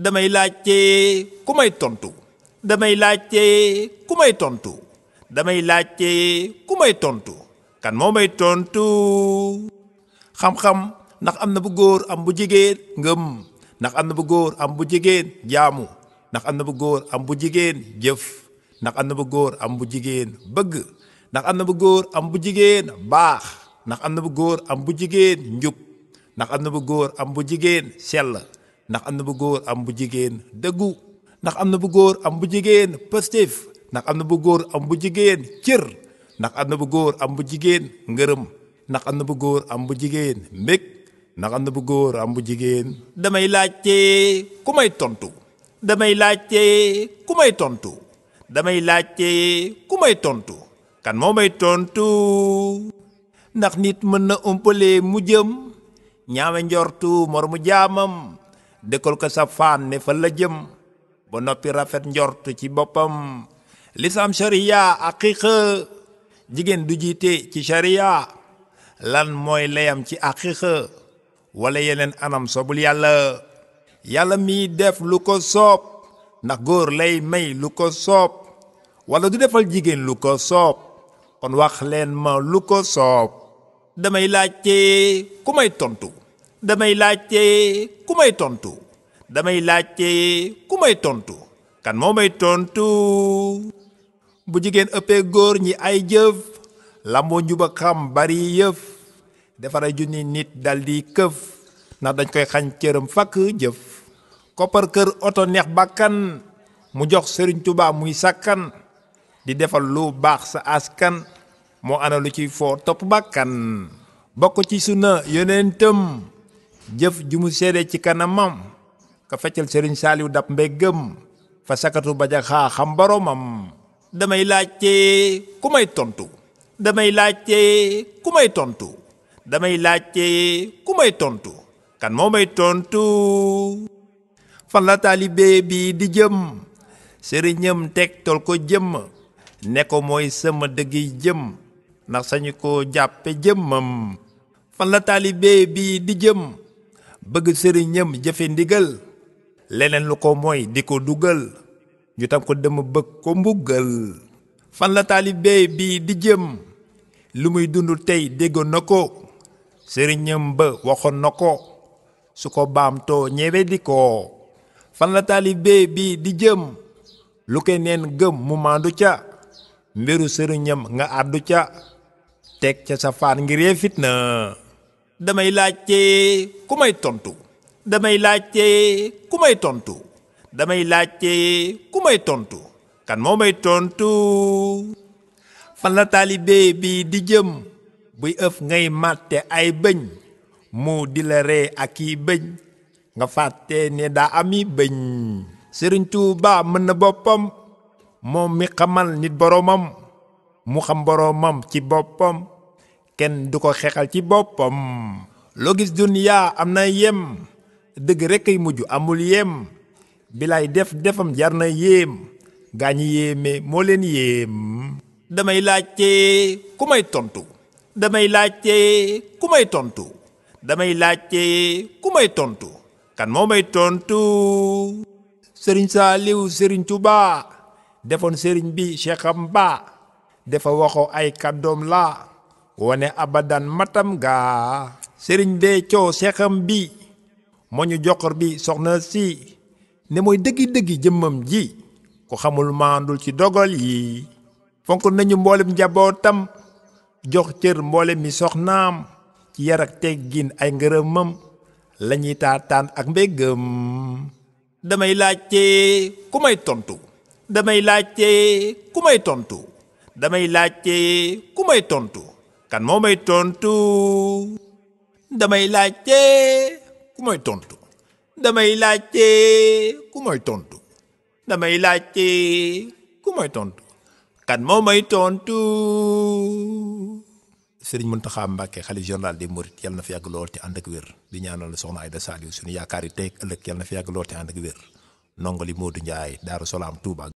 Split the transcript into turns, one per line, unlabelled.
damay laajte ku may tontu damay laajte ku may tontu damay laajte ku may tontu kan moo may tontu xam-xam ndax am na bu góor am bu jigéen ngëm ndax am na bu góor am bu jigéen jaamu ndax am na bu góor am bu jigéen jëf ndax am na bu góor am bu jigéen bëgg ndax am na bu góor am bu baax ndax bu am bu njub ndax bu am bu ndax am na bu góor am bu jigéen dagu ndax am na bu góor am bu jigéen positif ndax am na bu góor am bu jigéen cër ndax am na bu góor am bu jigéen ngërëm ndax am na bu góor am bu jigéen mbég ndax am na bu góor am bu jigéen damay laajte ku may tontu damay laajte ku may tontu damay laajte ku may tontu kan moo may tontu ndax nit mën na umpale mu jëm ñaawe njortu mor mu jaamam dëkkal ko sa faan fa la jëm ba noppi rafet njort ci boppam lisam sharia aqiqa jigéen du jiite ci sharia lan mooy layam ci aqiqa wala yeneen anam sobul yàlla yàlla miy def lu ko soob ndax góor lay may lu ko soob wala du defal jigéen lu ko soob kon wax leen ma lu ko soob damay laajte ku may tontu damay laajte ku may tontu damay laajte ku may tontu kan moo may tontu bu jigéen ëppee góor ñi ay jëf lamboo njuba xam bari yëf defara junni nit dal di këf ndax dañ koy xañ cëram fakk jëf koppar kër oto neex bàkkan mu jox Sëriñ tubaab muy sàkkan di defal lu baax sa askan moo ana lu ciy foo topp bakkan bokk ci sunna yonentam jëf ju mu seede ci kanamam ka feccal sëriñ saaliw dab mbéggam fa sakatu bajak xaa xam boromam damay laajte ku may tontu damay laajte ku may tontu damay laajte ku tontu kan moo may tontu fan la taalibe bi di jëm sëriñam tegtal ko jëmm ne ko mooy sama dëgg jëm ndax sañu ko jàppe jëmmam fan la taalibe bi di jëm bëgg sëriñam jëfe ndigal leneen lu ko mooy di ko dugal ñu tam ko dëmm bëgg ko mbugal fan la taalibe bi di jëm lu muy dund tey déggoon na ko sëriñam ba waxoon na ko su ko baamtoo ñewe di ko fan la taalibe bi di jëm lu ko neen gëm mu maandu ca mbiru sëriñam nga àddu ca teg ca safaan faat ngir fitna damay laajte ku may tontu damay laajte ku may tontu damay laajte ku tontu kan moo may tontu fan la taalibe bi di jëm buy ëf ngay màtte ay bëñ mu di la ree ak i bëñ nga fàtte ne daa ami bëñ Sëriñ Tuubaa mën na boppam moom mi xamal nit boroomam mu xam boroomam ci boppam kenn du ko xeexal ci boppam loo gis duniyaa am na yem dëgg rekk ay mujj amul yem bilaay def defam jar na yéem gaa ñi yéeme moo leen yéem damay laajte ku may tontu damay laajte ku may tontu damay laajte ku may tontu kan moo may tontu sëriñ Saaliw sëriñ Tuubaa defoon sëriñ bi Cheikh Amba dafa waxoo ay kàddoom laa wane abadan matam gaa sëriñ bee coow seexam bi moo ñu joxor bi soxna si ne mooy dëggi-dëggi jëmmam ji ku xamul maandul ci dogal yi fonk nañu mboolem njabootam jox cër mboole mi soxnaam ci yar ak teggin ay ngërëmam lañuy taataan ak mbéggam damay laajte ku tontu damay laajte ku may tontu damay laajte ku may tontu kan mo may tontu damay laajte ku may e tontu damay laajte ku may e tontu damay laajte ku may e tontu kan mo may tontu sëriñ Muntaxa mbake xalif journal des Mourides yalla na fi yag lool ak di ñaanal soxna Ayda Saliou suñu yaakaar yi tey ëllëg yal na fi yag lool te ànd ak wér nongali Modou ndjay daru salam Touba